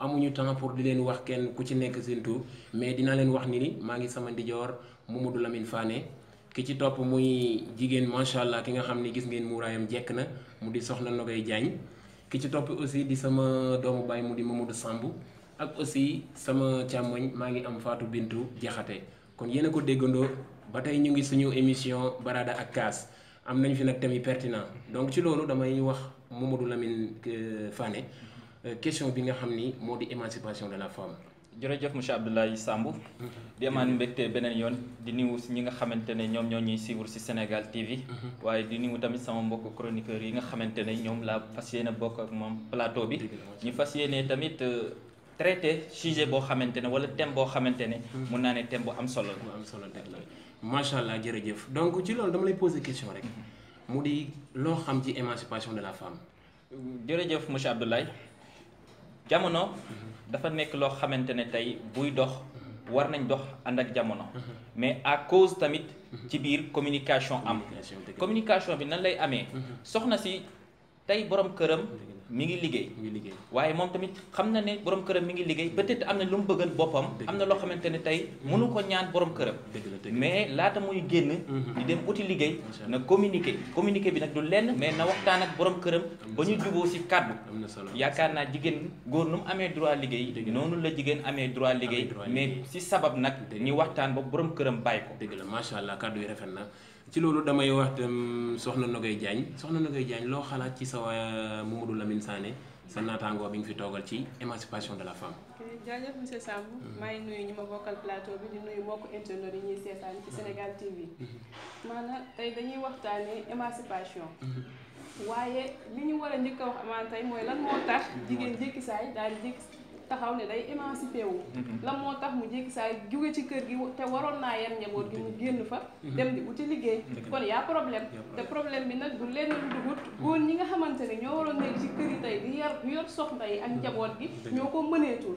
amuñu temps pour di len wax kenn ku ci nekk seen tour mais dina len wax ni ni ma ngi sama ndijoor mumadou Lamine Fane ki ci top muy jigen machallah ki nga xamni gis ngeen mourayam jek na mu di soxna Nogay Diagne ki ci top aussi di sama doomu baay mu di Mamadou Samb ak aussi sama càmmoñ ma ngi am Fatou Bintou jexate kon yene ko degando batay ñu ngi suñu émission Barada ak Kaas am nañ fi nak tammi pertinent donc ci lolu damay wax Mamadou Lamine euh, Fane Euh, question bi nga xam ni moo di émancipation de la femme. jërëjëf monsieur Abdoulaye Sambou mhm. di amaan mbégte beneen yoon di nuyu ñi nga xamante ne ñoom ñoo ñuy suivre ci Sénégal TV mhm. waaye di nuyu tamit sama mbokk chroniqueur yi nga xamante ne ñoom laa fas yéene bokk ak moom plateau bi ñu fas yéene tamit euh, traité sujet boo xamante ne wala thème boo xamante ne mhm. mun naa ne thème bu am solo la am solo la macha allah jërëjëf donc ci loolu dama lay poser question rek mu di loo xam ci émancipation de la femme jërëjëf monsieur Abdoulaye jamono dafa nek lo xamantene tay buy dox war nañ dox andak ak jamono mais à cause tamit ci biir communication am communication bi nan lay amé mhm. soxna ci tey borom këram mi ngi liggéey waaye moom tamit xam na ne borom këram mi ngi liggéey ba être am na lu mu bëggal boppam am na loo xamante ne tey mënu ko ñaan borom këram mais laata muy génn mm-hmm. di dem uti liggéey na communiqué communiqué bi nag du lenn mais na waxtaan ak borom këram ba ñu juboo si kàddu yaakaar naa jigéen góor nu mu amee droit liggéey noonu la jigéen amee droit liggéey mais si sabab nag ñu waxtaan ba borom këram bàyyi ko dëgg la macha allah kàddu yi rafet na ci loolu damay wax tam soxna Nogaye Diagne soxna Nogaye jaañ loo xalaat ci sa euh, Mamadou Lamine Sané sa naataangoo bi ñu fi toogal ci émancipation de la femme. jaajëf monsieur Samb. Mm-hmm. maa ngi nuyu ñi ma bokkal plateau bi di nuyu mbokku internet yi ñuy seetaan ci mm-hmm. Sénégal TV. Mm-hmm. maanaam tey dañuy waxtaanee émancipation. waaye li ñu war a njëkk a wax amaan tey mooy lan moo tax. jigéen jékki saay daal di taxaw ne day émancipé wu mm-hmm. la moo tax mu jékki saa jóge ci kër gi te waroon naa yem njaboot gi mu génn fa mm-hmm. dem di ci liggéey mm-hmm. kon yaa problème te problème bi nag du lenn lu dugut góor ñi nga xamante ne ñoo waroon nekk ci kër yi tey di yar yor soxna yi ak njaboot gi ñoo ko mëneetul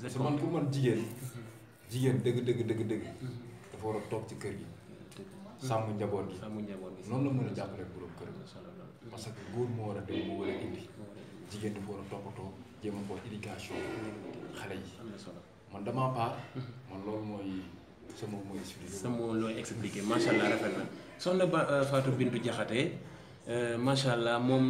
parce man pour man jigéen mm-hmm. jigéen dëgg dëgg dëgg dëgg mm-hmm. dafa war a toog ci kër mm-hmm. gi sàmm njaboot gi noonu la mën a jàppale borom kër gi parce que góor moo war a dem moo war a indi jigéen dafa war a toppatoo jéem a xool éducation xale yi man damaa paar man loolu mooy sama mooy expliqué sama macha allah rafet na soxna ba euh, Fatou Bintou Diakhaté euh, macha allah moom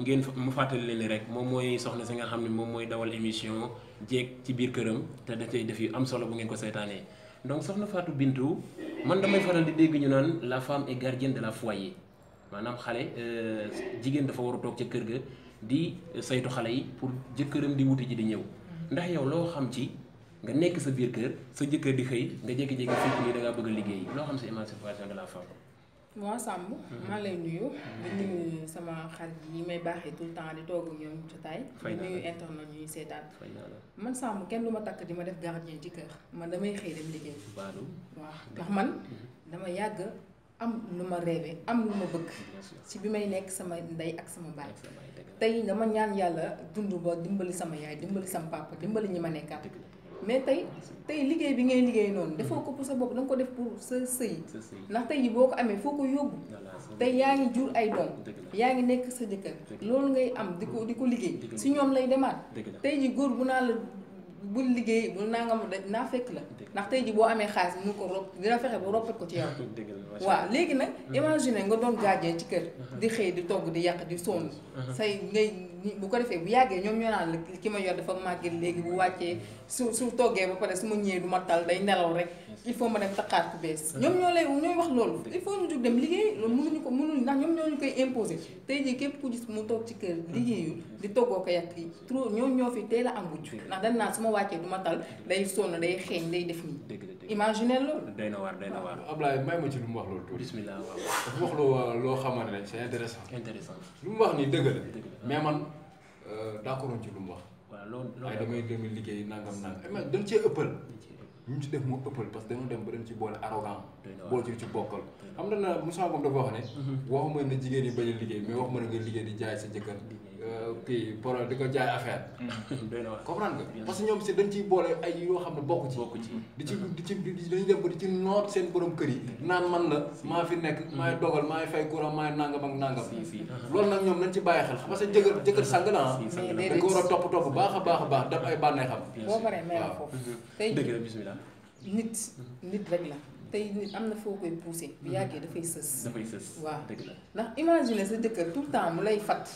ngeen mu fàttali leen rek moom mooy soxna sa nga xam ne moom mooy dawal émission jéeg ci biir kërëm té da tay def yu am solo bu ngeen ko sétané donc soxna Fatou Bintou man damay faral di dégg ñu naan la femme est gardienne de la foyer xalé euh jigen dafa waru tok ci kër ga di saytu xalé yi pour jëkkëram di wuti ji di ñew ndax yow lo xam ci nga nekk sa biir kër sa jëkkër di xey nga jékki-jékki fii nii da nga bëgg liggéey lo xam si émancipation de la femme. moo sàmm mhm. maa lay nuyu. di mhm. nuyu sama xarit yi may baaxee tout le temps di toog ak ñoom jotaay. fay naa la ñuy seetaan. man Samb kenn lu ma takk di ma def gardien ci kër. man damay xëy dem liggéey. waa ndax man. Mhm. dama yàgg am lu ma rêvé am lu ma bëgg. ci bi may nekk sama ndey ak sama baay. tey dama ñaan yàlla dund boo dimbali sama yaay dimbali sama papa dimbali ñi ma nekkaat. mais tey tey liggéey bi ngay liggéey noonu defoo ko pour sa bopp da ko def pour sa sëy ndax tey ji boo ko amee foo ko yóbbu tey yaa ngi jur ay doom yaa ngi nekk sa jëkkër loolu ngay am di ko di ko liggéey si ñoom lay demaat tey ji góor bu naa la bul liggéey bul nangam naa fekk la ndax tey ji boo amee xaalis mu ko rob dina fexe ba roppat ko ci yow waaw léegi nag mhm. imagine nga doon gardien ci kër mhm. di xëy di togg di yàq di sonn mhm. say ngay bu ko defee bu yàggee ñoom ñoo naan la ki ma yor dafa màggee léegi bu wàccee su su toggee ba pare su ma ñëwee du ma tal day nelaw rek il faut ma dem taxaar ku bees ñoo lay ñooy wax loolu il faut ñu jóg dem liggéey loolu mënuñu ko mënuñu ndax ñoom ñoo ñu koy imposer tey ji képp ku gis mu toog ci kër liggéeyu di toggoo ko yàq yi trop ñoom ñoo fi teel a am wujj ndax dañ naan wàccee du ma tal day sonn day xeeñ day def nii. imaginer loolu. day na waar day na waar. Ablaye may ma ci lu mu wax loolu tuuti. bismillah waaw dafa wax loo loo xamante ne c'est intéressant. intéressant lu mu wax nii dëgg la. mais man euh, d'accord ci lu mu wax. waaw loolu loolu damay damay liggéey nangam nangam mais dañ cee ëppal. ñu ngi ci def moo ëppal parce na na Moussa Ngom dafa wax ne mhm. waxuma na jigéen yi bañ a liggéey mais waxuma na nga liggéey di jaay sa jëkkër kii problème di ko jaay affaire. doy na comprendre nga. parce que ñoom si dañ ciy boole ay yoo xam bokku ci. bokku ci di ci di ci dañuy dem ba di ci noot seen borom kër yi. Mm. naan man la maa fi nekk mm. maay dogal maay fay courant maay nangam ak nangam. loolu nag ñoom nañ ci bàyyi xel parce que jëkkër jëkkër sang na ah. da ko war a topp topp baax a baax a baax daf ay bànnee xam. boo paree may la foofu. Mhm. tey dëgg la bisimilah. nit mhm. nit rek la. tey nit am na foo koy poussé. bu mhm. yàggee dafay sës. dafay sës waaw dëgg la ndax imagine sa jëkkër tout temps mu lay fat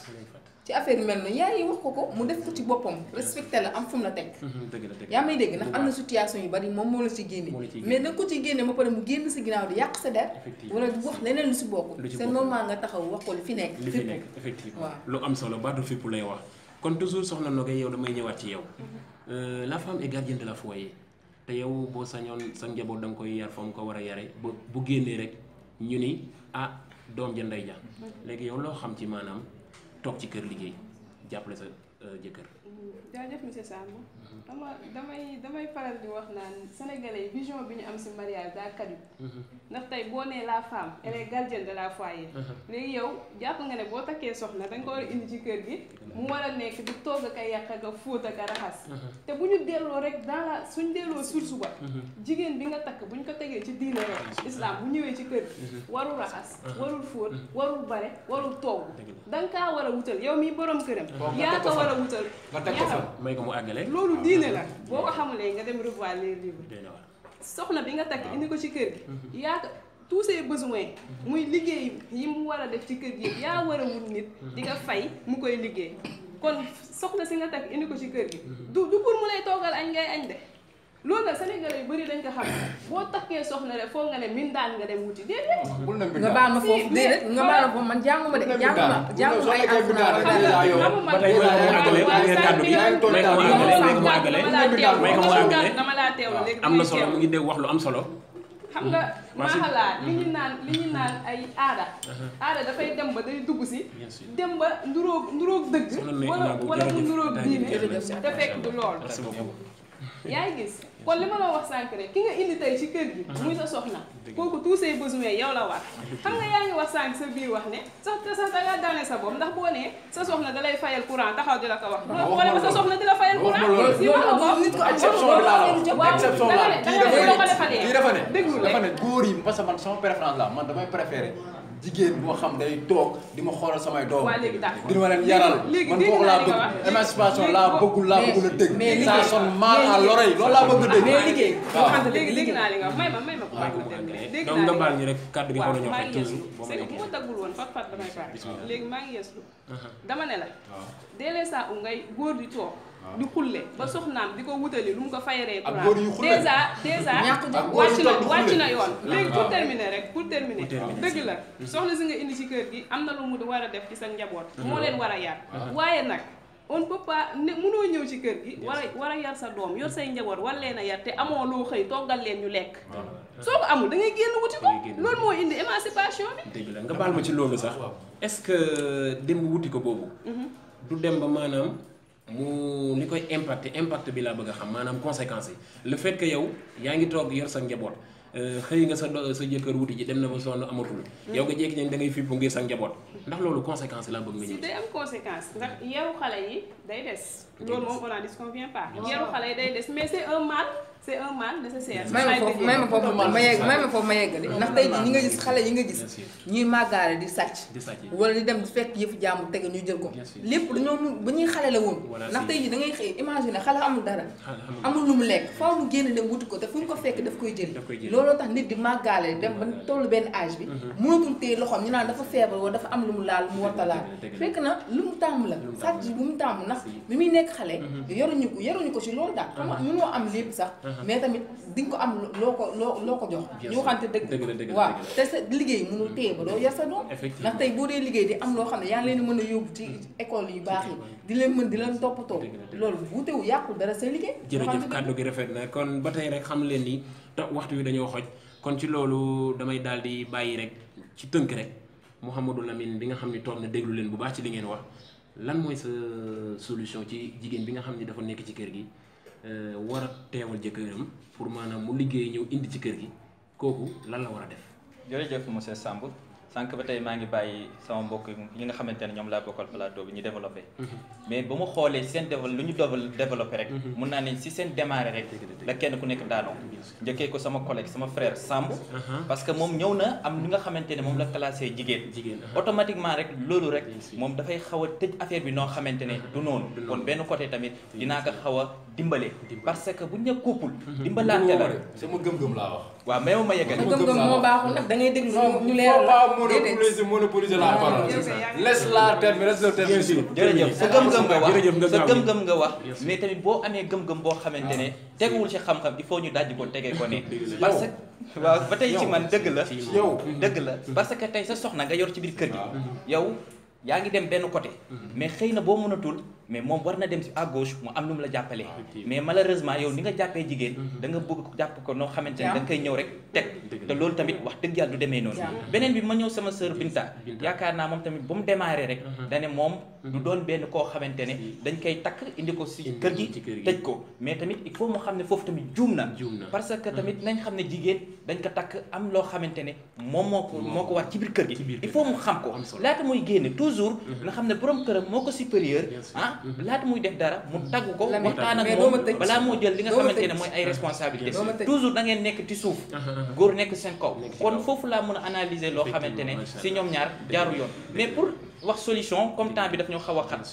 ci affaire yu mel noonu yaay wax ko ko mu def ko ci bopam respecté la am fum la tek mhm, ya may dégg nak amna na situation yu bari mom mo la ci guéné mais nak ko ci guéné ba paré mu guéné si ginaaw di yak sa der wala di wax leneen lu ci bokku c'est normal nga taxaw wax ko li fi nek li fi nekk effectivement lu am solo fi pou lay wax kon toujours soxna gay yow damay ñëwaat ci yow euh, la femme est gardienne de la foyer te yow bo sañon sa njaboot dang koy yar fam ko wara yaré yare bu guéné rek ñuni ni ah doom ja ndey ja mhm. léegi yow lo xam ci manam toog ci kër liggéey jàppale sa euh, jëkkër jaajëf monsieur Samb dama damay damay faral di wax naan sénégalais yi vision bi ñu am si mariage daa kaju ndax tey boo nee la femme elle est gardienne de la foyer léegi yow jàpp nga ne boo takkee soxna da nga ko war a indi ci kër gi mu war a nekk di a yàq ak a fóot ak a raxas te bu ñu delloo rek dans suñ delloo source ba jigéen bi nga takk bu ko tegee ci diine rek islam ñëwee ci kër gi warul raxas warul fóot warul bare da nga kaa war yow mi borom këram yaa ko war a wutal teg ko fa may ko mu àggale. loolu diine la boo ko xamulee nga dem revoir les livres. soxna bi nga takk indi ko ci kër gi. Mhm. yaa ko tous ses besoins. Mhm. muy liggéey yi mu war a def ci kër gi yaa war a wut nit. Mhm. di nga fay mu koy liggéey. kon soxna si nga takk indi ko ci kër gi. du du pour mu lay toogal añ ngay añ de. loolu sénégalais yu bëri dañ ko xam boo takkee soxna rek foog nga ne min nga dem wuti déedéet nga baal ma foofu déedéet nga baal ma foofu man jànguma de jànguma jànguma ay alxuraan dama laa teewlu léegi am na solo mu ngi dégg wax lu am solo xam nga maaxalaa li ñu naan li ñu naan ay aada aada dafay dem ba day dugg si dem ba nduróog nduróog dëgg wala wala mu nduróog diine te fekk du lool yaa gis kon li ma la wax sànq rek ki nga indi tey ci kër gi muy sa soxna kooku tous ses besoins yow la war xam nga yaa ngi wax sànq sa biir wax ne sax sax da ngaa daane sa bopp ndax boo nee sa soxna da lay fayal courant di la ko wax wala sa soxna di la fayal wax ko nit ko wax exception laa kii dafa ne kii dafa ne déglu dafa ne góor yi parce que man sama préférence la man damay préféré jigéen boo xam day toog di ma xoolal samay doom. waaw léegi d'accord di ma leen yaral. man kooku laa bëgg a dégg. mais a ah. dégg. mais liggéey waaw léegi naa li may ma may ma ko dégg naa donc nga baal ñu rek kàddu gi xaw na ñoo xel toujours. boo ma yeggee bu uh-huh. ne la. waaw dès l'instant où ngay góor di toog Ah. di xulle ba soxnaam di ko wutali lu mu ko fayaree courant dèjà dèjà wàcc na wàcc na yoon ah. léegi pour ah. terminer rek pour dëgg la mm-hmm. si nga indi ci kër gi am na lu mu war a def ci sa njaboot mm-hmm. moo leen war a yar waaye nag on ne peut pas ñëw ci kër gi war war a yar sa doom yor say njaboot war leen a yar te amoo loo xëy toggal leen ñu lekk soo amul da ngay génn wuti ko loolu moo indi émancipation bi la nga baal ma ci loolu sax est-ce que dem wuti ko boobu mm-hmm. du dem ba maanaam mu koy impacté impact bi bëgg xam conséquences le fait que yow yor sa euh, xey nga sa sa wuti ji dem na mm. yow nga da ngay ndax conséquence bëgg day am conséquence ndax yeru xalé des. pas. mais c'est un mal. c'est un may ma foofu may ma foofu ma ye may ma foofu ma yeggale ndax tey jii ñi nga gis xale yi nga gis ñuy màggaale di sàcc wala di dem di fekk yëfu jàmbur tege ñu jël ko lépp dañoo mu ba ñuy xale la woon ndax tey jii da ngay xëy imaginer xale amul dara amul lu mu lekk faaw mu génn dem wuti ko te fu ñu ko fekk daf koy jël looloo tax nit di màggaale dem ba toll benn âge bi mhm. mënatul téye loxoom ñu naan dafa feebar wala dafa am lu mu laal mu warta laal fekk na lu mu tàmm la sàcc bu mu tàmm ndax bi muy nekk xale mhm. yoruñu ko yoruñu ko ci loolu daal xam mhm. am lépp Uh-huh. mais tamit di nga ko am loo ko loo loo ko jox ñu waxante dëgg waaw te sa liggéey mënul téye ba doo mm-hmm. yar sa doom ndax tey boo dee liggéey di am loo xam ne yaa ngi leen mën a yóbbu ci école yu baax yi di leen mën di leen toppatoo loolu wuutewu yàqul dara say liggéey jërëjëf kàddu gi rafet na kon ba tey rek xam leen ni waxtu wi dañoo xoj kon ci loolu damay daal di bàyyi rek ci tënk rek Mouhamadou Lamine bi nga xam ne toog na déglu leen bu baax ci li ngeen wax lan mooy sa solution ci jigéen bi nga xam ne dafa nekk ci kër gi Eh, war a teewal pour manam mu liggéey ñëw indi ci kër gi koku lan la war a def jërëjëf monsieur sambu sank ba tay ma ngi bayyi sama mbokk yi nga xamantene ñom la bokkal plateau bi ñu développer mhm. mais ba xolé sen devel lu ñu rek mhm. mun na ni si sen démarrer rek la kenn ku nekk daano njëkkee ko sama collègue sama frère sambu uh-huh. parce que mom ñëw na am li nga xamantene mom la classé jigen uh-huh. automatiquement rek lolu rek mom da fay xawa tej affaire bi no xamantene uh-huh. du non kon ben côté tamit dina ka xawa dimbale parce que bu ñu ne couple mhm. dimbalante la sama gëm-gëm laa wax waaw mais ma yeggal gëm-gëm moo baaxul ndax da ngay déglu ñu leer la monopoliser monopoliser la ah, parole laisse sa gëm-gëm nga wax sa gëm-gëm nga wax mais tamit boo amee gëm-gëm boo xamante ne ah. teguwul ci xam-xam il foo ñu dajj ko tegee ko ne parce que waaw ba tey ci man dëgg la mhm. dëgg la mhm. parce que tey sa soxna nga yor ci biir kër gi yow yaa ngi dem benn côté mais xëy na boo mënatul mais moom war na dem si à gauche am lu mu la jàppale ah, mais malheureusement yow ni nga jàppee jigéen mm-hmm. da nga jàpp ko noo xamante ne da nga koy ñëw rek teg te loolu tamit wax dëgg yàlla du demee noonu beneen bi ma ñëw sama sœur Binta yaakaar naa moom tamit ba mu démarré rek mm-hmm. dane moom du mm-hmm. doon benn koo xamante ne dañ koy takk indi ko si kër gi tëj ko mais tamit il faut mu xam ne foofu tamit juum na parce que tamit nañ xam ne jigéen dañ ko takk am loo xamante ne moom moo ko moo ko war ci biir kër gi il faut mu xam ko laata muy génne toujours nga xam ne borom këram moo ko supérieur ah Mm-hmm. laata muy def dara mu tagg ko waxtaan ak moom balaa moo jël li nga xamante ne mooy ay responsabilité toujours da ngeen nekk ci suuf góor nekk seen kaw kon foofu laa mën a analyser loo xamante ne si ñoom ñaar jaaru yoon mais pour wax solution comme temps bi daf ñoo xaw a xat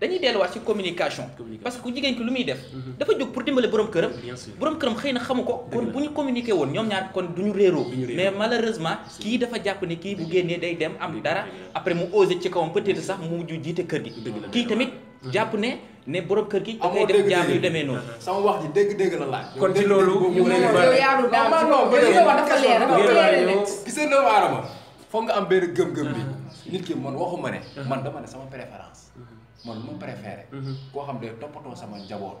dañuy delluwaat ci communication parce que ku jigéen ki lu muy def mm-hmm. dafa jóg pour dimbale borom këram borom këram xëy na xamu ko kon bu ñu communiqué woon ñoom ñaar kon du ñu réeroo mais malheureusement kii dafa jàpp ne kii bu génnee day dem am dara après mu osé ci kawam peut-être sax mu mujj jiite kër gi kii tamit mm-hmm. jàpp ne ne borom kër gi da ngay def jaam yu demee noonu uh-huh. sama wax ji dëgg dégg la laaj kon ci loolu ñu gisee doomu aadama foog nga am benn gëm-gëm bi uh-huh. nit ki man waxuma ne uh-huh. man dama ne sama préférence man lu ma préféré. Mm-hmm. koo xam ne toppatoo sama njaboot.